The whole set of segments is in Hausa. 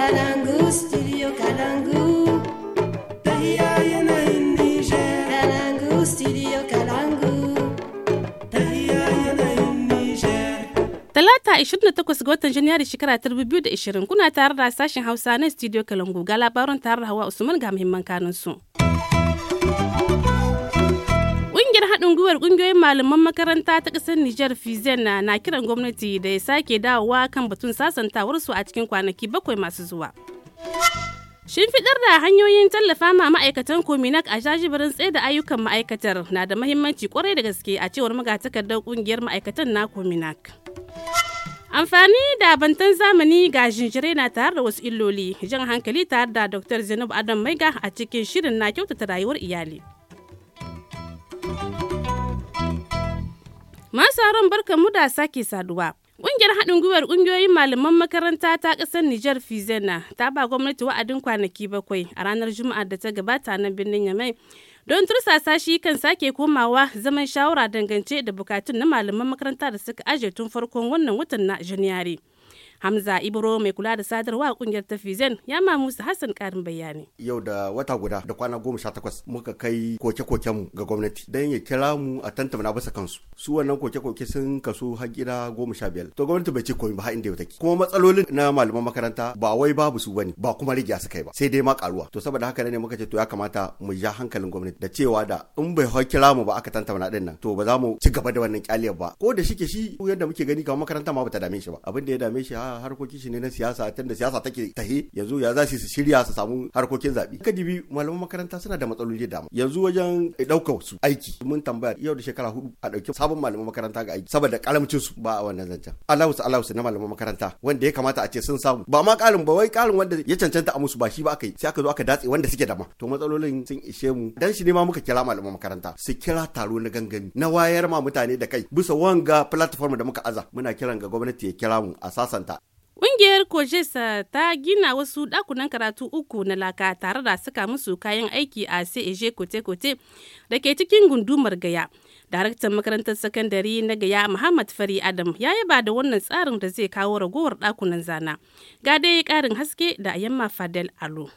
Talata 28 ga watan Janairu shekara ta 2020 kuna tare da sashen Hausa na studio Kalangu ga labaran tare da Hawa Usman ga muhimman kanunsu. su. Ƙungiyar haɗin gwiwar ƙungiyoyin malaman makaranta ta ƙasar Nijar Fizen na kiran gwamnati da ya sake dawowa kan batun su a cikin kwanaki bakwai masu zuwa. Shimfiɗar da hanyoyin tallafa ma ma'aikatan Kominak a jajibirin tsaye da ayyukan ma'aikatar na da mahimmanci kwarai da gaske a cewar magatakardar ƙungiyar ma'aikatan na Kominak. Amfani da bantan zamani ga jinjire na tare da wasu illoli, jan hankali tare da Dr. Zainab Adam Maiga a cikin shirin na kyautata rayuwar iyali. Masu haron mu da sake saduwa. Ƙungiyar haɗin gwiwar ƙungiyoyin malaman makaranta ta ƙasar Nijar Fizena ta ba gwamnati wa'adin kwanaki bakwai a ranar Juma'a da ta gabata na birnin Yamai don tursasa shi kan sake komawa zaman shawara dangance da bukatun na malaman makaranta da suka aje tun farkon wannan watan na Janairu. Hamza Ibro mai kula da sadarwa a kungiyar Tafizen ya ma Musa Hassan karin bayani. Yau da wata guda da kwana goma sha takwas muka kai koke-koken mu ga gwamnati don ya kira mu a tantamana bisa kansu. Su wannan koke-koke sun kaso har gida goma sha biyar. To gwamnati bai ce komai ba har inda yau take. Kuma matsalolin na malaman makaranta ba wai babu su bane ba kuma rage su kai ba sai dai ma karuwa. To saboda haka ne muka ce to ya kamata mu ja hankalin gwamnati da cewa da in bai hau kira mu ba aka tantamana din nan to ba za mu ci gaba da wannan kyaliyar ba. Ko da shike shi yadda muke gani kamar makaranta ma bata dame shi ba. Abin da ya dame shi ha da harkokin shi ne na siyasa tun da siyasa take tahe yanzu ya za su shirya su samu harkokin zabi ka dibi malaman makaranta suna da matsaloli da yanzu wajen ɗaukar su aiki mun tambaya yau da shekara hudu a ɗauki sabon malaman makaranta ga aiki saboda karamcin su ba a wannan zancen alawus alawus na malaman makaranta wanda ya kamata a ce sun samu ba ma ƙarin ba wai ƙarin wanda ya cancanta a musu ba shi ba aka yi sai aka zo aka datse wanda suke da ma to matsalolin sun ishe mu dan shi ne ma muka kira malaman makaranta su kira taro na gangami na wayar ma mutane da kai bisa wanga platform da muka aza muna kiran ga gwamnati ya kira mu a sasanta Ƙungiyar Kojesa ta gina wasu ɗakunan karatu uku na laka tare da suka musu kayan aiki a Eje kote-kote da ke cikin gundumar gaya. Daraktan makarantar sakandare na gaya Muhammad Fari Adam ya yaba da wannan tsarin da zai kawo ragowar ɗakunan zana. Ga dai ƙarin haske da Yamma Fadel Alo.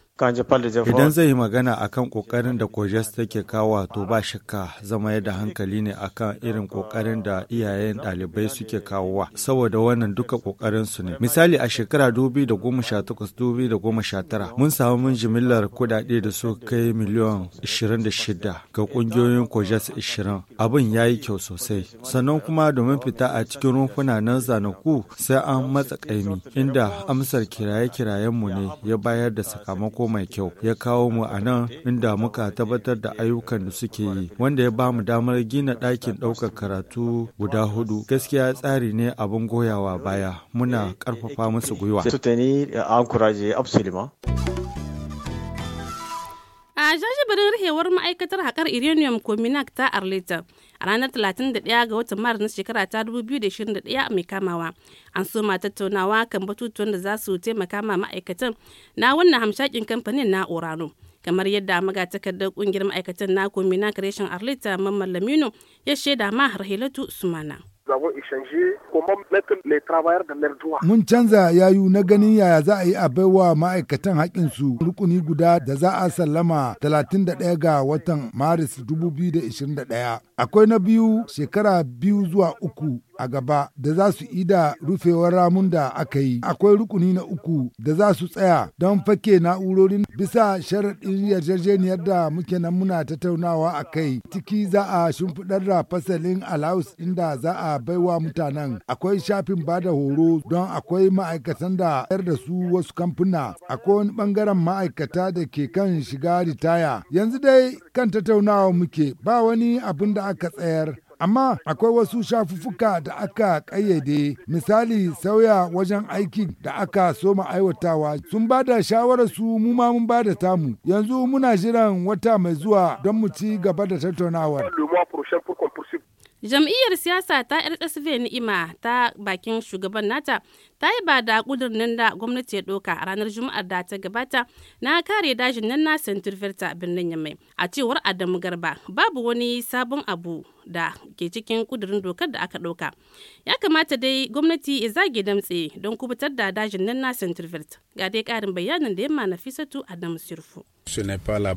Idan zai yi magana a kan ƙoƙarin da Kojes take kawo to ba shakka zama da hankali ne akan irin kokarin da iyayen ɗalibai suke kawowa saboda wannan duka kokarin ne. Misali a shekara 2018-2019 mun samu mun jimillar kudade da su kai miliyan 26 ga ƙungiyoyin Kojes 20. Abin ya yi kyau sosai. Sannan kuma domin fita a cikin rumfuna na zanaku sai an matsa ƙa'imi. inda amsar kiraye-kirayenmu ne ya bayar da sakamako sakamako mai kyau ya kawo mu a nan inda muka tabbatar da ayyukan da suke yi wanda ya ba mu damar gina ɗakin ɗaukar karatu guda hudu gaskiya tsari ne abin goyawa baya muna ƙarfafa musu gwiwa. a jajibirin rahewar ma'aikatar haƙar iranium cominac ta arleta a ranar 31 ga watan maris na shekara ta 2021 mai kamawa an soma tattaunawa kan batutuwan da za su taimaka ma ma'aikatan na wannan hamshakin kamfanin na orano kamar yadda maga takardar kungiyar ma'aikatan na komina creation arlita mamman lamino ya shaida ma har sumana Mun canza yayu na ganin yaya za a yi a baiwa ma'aikatan su rukuni guda da za a sallama 31 ga watan Maris 2021. Akwai na biyu shekara biyu zuwa uku a gaba da za su ida rufewar ramun da aka yi. Akwai rukuni na uku da za su tsaya don fake na'urorin bisa sharaɗin yarjejeniyar da muke nan muna tattaunawa a kai. Ciki za a shimfiɗar da fasalin alaus inda za a baiwa mutanen. Akwai shafin bada horo don akwai ma'aikatan da yar da su wasu kamfuna. Akwai wani ɓangaren ma'aikata da ke kan shiga ritaya. Yanzu dai kan tattaunawa muke ba wani abin da aka tsayar Amma akwai wasu shafuffuka da aka ƙayyade misali sauya wajen aikin da aka soma aiwatawa sun ba da shawarar su mu ma mun ba da tamu. Yanzu muna jiran wata mai zuwa don mu ci gaba da tattaunawar. jam'iyyar siyasa ta rsv ni'ima ta bakin shugaban nata ta yi ba da kudurnin da gwamnati ya doka a ranar juma'ar da ta gabata na kare dajin nan na birnin yamai a cewar adamu garba babu wani sabon abu da ke cikin kudurin dokar da aka ɗauka ya kamata dai gwamnati ya zage damtse don kubutar da dajin nan na centrivert ga dai karin bayanin da yamma na fisatu adam sirfu ba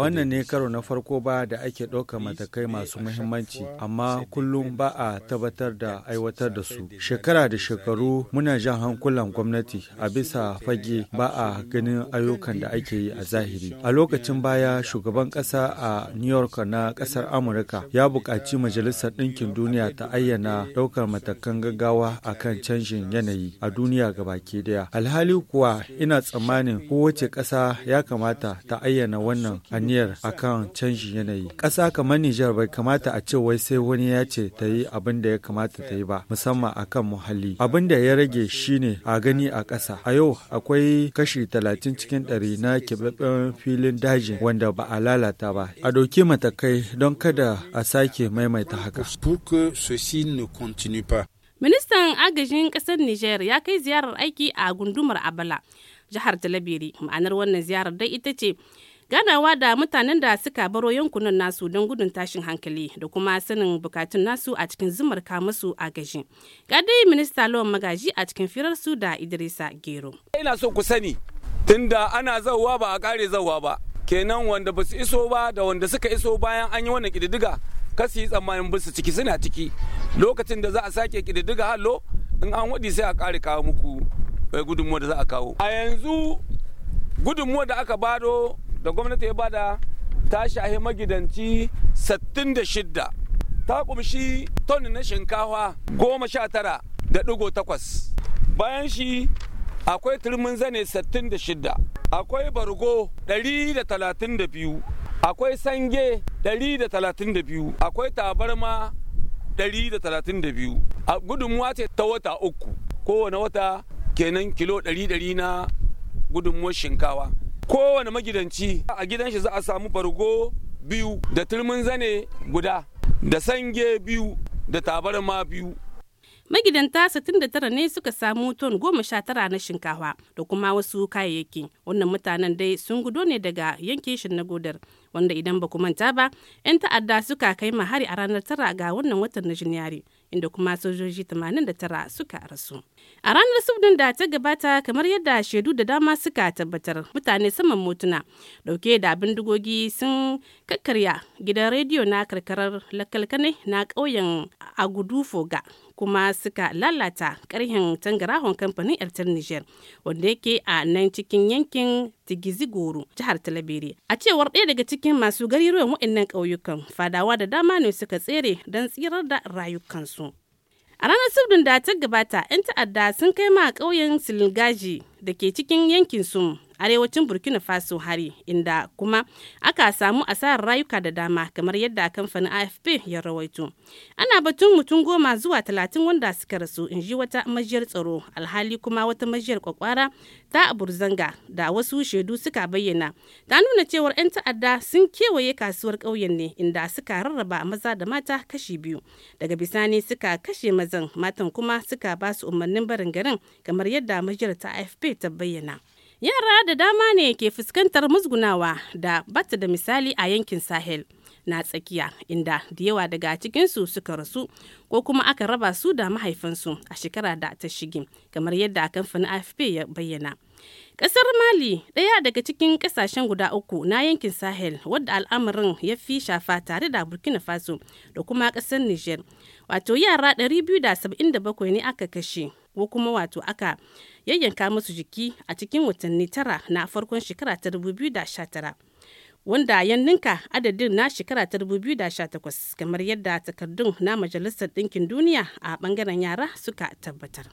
wannan ne karo na farko ba da ake ɗauka matakai masu muhimmanci amma kullum ba a tabbatar da aiwatar da su shekara da shekaru muna jan hankulan gwamnati a bisa fage ba a ganin ayyukan da ake yi a zahiri a lokacin baya shugaban ƙasa a new york na ƙasar amurka ya buƙaci Majalisar Ɗinkin Duniya ta ayyana ɗaukar matakan gaggawa a kan canjin yanayi a duniya gabaki daya. Alhali kuwa ina tsammanin kowace ƙasa ya kamata ta ayyana wannan aniyar a kan canjin yanayi. Ƙasa kamar Nijar bai kamata a ce wai sai wani ya ce ta yi abin da ya kamata ta yi ba, musamman a kan muhalli. Abin da ya rage shine a gani a ƙasa. A yau akwai kashi talatin cikin ɗari na keɓaɓɓen filin dajin wanda ba a lalata ba. A ɗauki matakai don kada a sake sake maimaita haka. Ministan agajin kasar Nijar ya kai ziyarar aiki a gundumar Abala, jihar Talabiri. Ma'anar wannan ziyarar dai ita ce ganawa da mutanen da suka baro yankunan nasu don gudun tashin hankali da kuma sanin bukatun nasu a cikin zumar masu agaji. gada minista lawan magaji a cikin firarsu da Idrisa Gero. Ina so ku sani tunda ana zauwa ba a kare zauwa ba kenan wanda ba su iso ba da wanda suka iso bayan an yi wannan ƙididdiga kasi yi tsammanin bisu ciki suna ciki lokacin da za a sake kididdiga hallo in an waɗi sai a kare kawo muku eh, gudunmuwa da za a kawo a yanzu gudunmuwa da aka bado da gwamnati ya bada ta shahe magidanci 66 ta kumshi ton na shinkawa goma sha tara da ɗigo takwas bayan shi akwai turmin zane 66 akwai bargo 132 akwai sange 132 akwai tabarma 132 a gudunmuwa ce ta wata uku kowane wata kenan kilo 100 na gudunmuwar shinkawa kowane magidanci a gidan shi za a samu bargo biyu da turmin zane guda da sange biyu da tabarma biyu magidanta 69 ne suka samu ton 19 na shinkawa da kuma wasu kayayyaki wannan mutanen dai sun gudo ne daga yankin shin na godar wanda idan ba ku manta ba 'yan ta'adda suka kai hari a ranar tara ga wannan watan na janairu inda kuma sojoji 89 suka rasu. A ranar subdin da ta gabata kamar yadda shaidu da dama suka tabbatar mutane saman motuna dauke da abin dugogi sun kakkarya gidan rediyo na karkarar lakalkane na ƙauyen Agudufoga kuma suka lalata karhin tangarahon kamfanin Airtel Niger wanda yake a nan cikin yankin Tigizigoro jihar Talabere. A cewar ɗaya daga cikin masu gariruwan wa'annan ƙauyukan fadawa da dama ne suka tsere don tsirar da rayukansu. A ranar Sibdin da ta gabata, 'yan ta'adda sun kai ma ƙauyen Silgaji da ke cikin yankin Sum arewacin burkina faso hari inda kuma aka samu asarar rayuka da dama kamar yadda kamfanin afp ya rawaito ana batun mutum goma zuwa talatin wanda suka rasu in ji wata majiyar tsaro alhali kuma wata majiyar kwakwara ta burzanga da wasu shaidu suka bayyana ta nuna cewar 'yan ta'adda sun kewaye kasuwar ƙauyen ne inda suka rarraba maza da mata kashi biyu daga bisani suka kashe mazan matan kuma suka basu umarnin barin garin kamar yadda majiyar ta afp ta bayyana yara da dama ne ke fuskantar musgunawa da bata da misali a yankin sahel na tsakiya inda da yawa daga cikinsu suka rasu ko kuma aka raba su da mahaifansu a shekara da ta shige kamar yadda kamfanin afp ya bayyana kasar mali ɗaya daga cikin ƙasashen guda uku na yankin sahel wadda al'amarin ya fi shafa tare da burkina faso da kuma kasar niger wato yara 277 ne aka kashe ko kuma wato aka yayyanka musu jiki a cikin watanni tara na farkon shekara ta 2019 wanda ya ninka adadin na shekara ta 2018 kamar yadda takardun na majalisar ɗinkin duniya a ɓangaren yara suka tabbatar.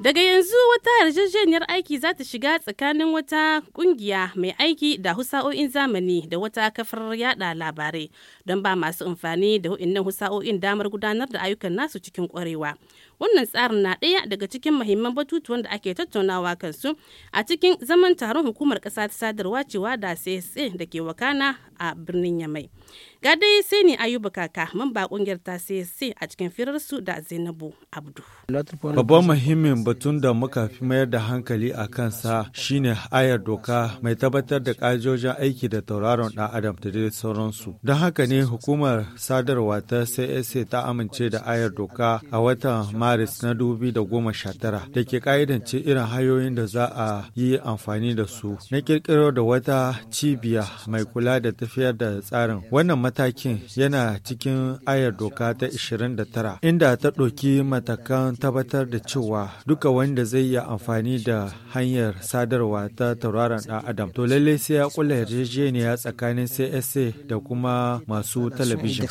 Daga yanzu wata yarjejeniyar aiki za ta shiga tsakanin wata kungiya mai aiki da husa'o'in zamani da wata kafar yada labarai don ba masu amfani da wa'innan husa'o'in damar gudanar da ayyukan nasu cikin kwarewa. Wannan tsarin na ɗaya daga cikin mahimman batutuwan da ake tattaunawa kansu a cikin zaman taron hukumar ƙasa ta sadarwa cewa da CSA da ke wakana a birnin Yamai. ga dai sai ne ayuba kaka mamba kungiyar ta sai a cikin firarsu da zainabu abdu babban muhimmin batun da muka fi mayar da hankali a kansa shine ayar doka mai tabbatar da kajojin aiki da tauraron dan adam da dai sauransu don haka ne hukumar sadarwa ta csa ta amince da ayar doka a watan maris na 2019 da ke ka'idance irin hanyoyin da za a yi amfani da su na kirkiro da wata cibiya mai kula da tafiyar da tsarin Wannan matakin yana cikin ayar doka ta 29 inda ta ɗauki matakan tabbatar da cewa duka wanda zai yi amfani da hanyar sadarwa ta tauraron ɗan adam to lalle sai ya kula yarjejeniya tsakanin CSA da kuma masu talabijin.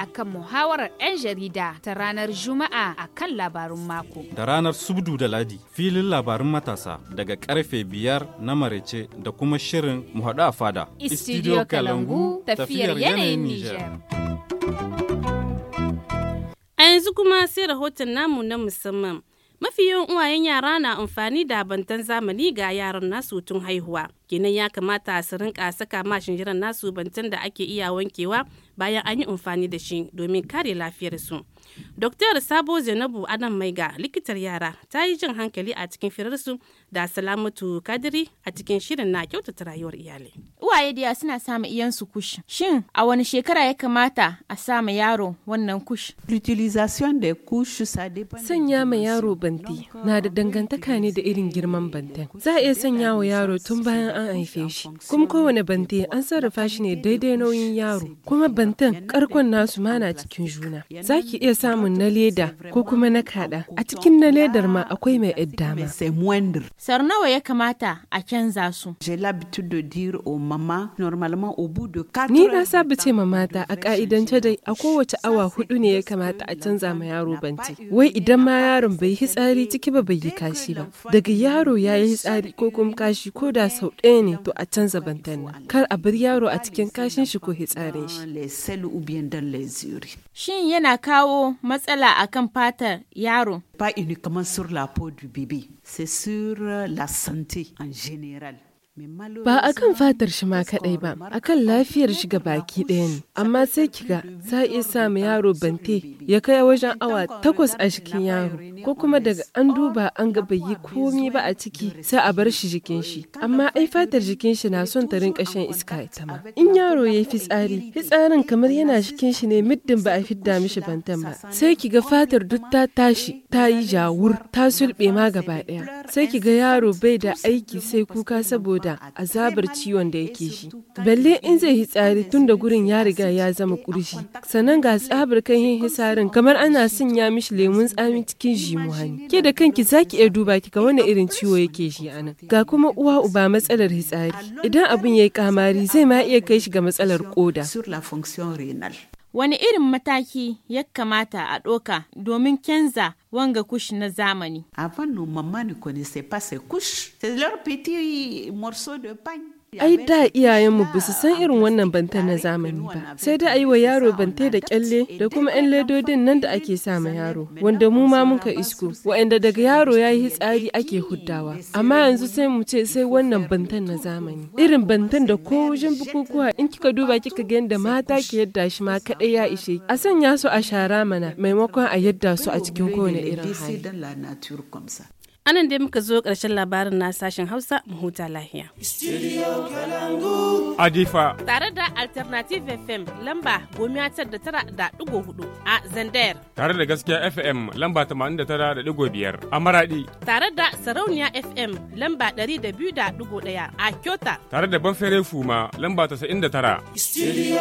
akan muhawarar 'yan jarida ta ranar Juma'a a kan labarun mako. Da ranar Subdu da Ladi filin labarun matasa daga karfe biyar na marece da kuma shirin muhaɗu a fada. Istidiyo Kalangu tafiyar yanayin Nijar. A yanzu kuma sai rahoton namu na musamman. Mafi yawan uwayen yara na amfani da bantan zamani ga yaran nasu tun haihuwa. kenan ya kamata su rinka saka ma shinjiran nasu bantan da ake iya wankewa bayan an yi amfani da shi domin kare lafiyarsu. Dr. Sabo Zainabu Adam Maiga likitar yara ta yi jin hankali a cikin firarsu da Salamatu Kadiri a cikin shirin na kyautata rayuwar iyali. Uwaye da suna samu iyansu kush. Shin a wani shekara ya kamata a sama yaro wannan kush? L'utilisation de kush Sanya ma yaro banti na da dangantaka ne da irin girman bantan. Za a iya sanya wa yaro tun bayan an haife shi kuma kowane bante an sarrafa shi ne daidai nauyin yaro kuma bantan karkon nasu ma na cikin juna za ki iya samun na leda ko kuma na kada a cikin na ledar ma akwai mai yadda ma sar nawa ya kamata a canza su ni na saba ce ma mata a ka'idance dai a kowace awa hudu ne ya kamata a canza ma yaro bante wai idan ma yaron bai yi tsari ciki ba bai yi kashi ba daga yaro ya yi tsari ko kuma kashi ko da sau ɗaya ɗaya ne to a canza bantan kar a bar yaro a cikin kashin shi ko hitsarin shi shin yana kawo matsala akan fatar yaro ini kamar sur la peau du bébé, c'est sur euh, la santé en général. Ba a kan fatar shi ma kaɗai ba, a kan lafiyar shi baki ɗaya ne. Amma sai kiga za a iya sa yaro bante ya kai wajen awa takwas a cikin yaro, ko kuma daga an duba an ga yi komi ba a ciki sai a bar shi jikin shi. Amma ai fatar jikin shi na son ta rinka shan iska ita ma. In yaro ya yi fitsari, fitsarin kamar yana cikin shi ne muddin ba a fidda mishi bantan ba. Sai kiga fatar duk ta tashi, ta yi jawur, ta sulɓe ma gaba ɗaya. Sai kiga yaro bai da aiki sai kuka saboda da azabar ciwon da yake shi balle in zai yi tsari tun da gurin ya riga ya zama kurshi. sannan ga tsabar kan yin hisarin kamar ana sanya mishi lemun tsami cikin jimuhani hani ke da kanki zaki iya duba ki ga wani irin ciwo yake shi anan ga kuma uwa uba matsalar hitsari idan abin ya yi kamari zai ma iya kai shi ga matsalar koda Wani irin mataki ya kamata a ɗoka domin canza wanga kush na zamani? Avant, nous, maman ne connaissait pas ces couches. C'est leur petit morceau de pain. Ai da iyayenmu ba su san irin wannan banta na zamani ba. Sai dai a yi wa yaro bante da kyalle da kuma 'yan ledodin nan da ake sa ma yaro, wanda mu ma muka isko, wa'anda daga yaro ya yi hitsari ake huddawa. Amma yanzu sai mu ce sai wannan bantan na zamani. Irin bantan da ko wajen bukukuwa in kika duba kika ga yadda mata ke yadda shi ma kaɗai ya ishe. A sanya su a shara mana maimakon a yadda su a cikin kowane irin hali. anan dai muka zo ƙarshen labarin na sashen hausa mu huta lahiya adifa tare da alternative fm lamba gomiya tar da tara da ɗigo hudu a zandayar tare da gaskiya fm lamba tamanin da tara da ɗigo biyar a maradi tare da sarauniya fm lamba ɗari da biyu da ɗigo ɗaya a kyota tare da banfere fuma lamba tasa'in da tara studio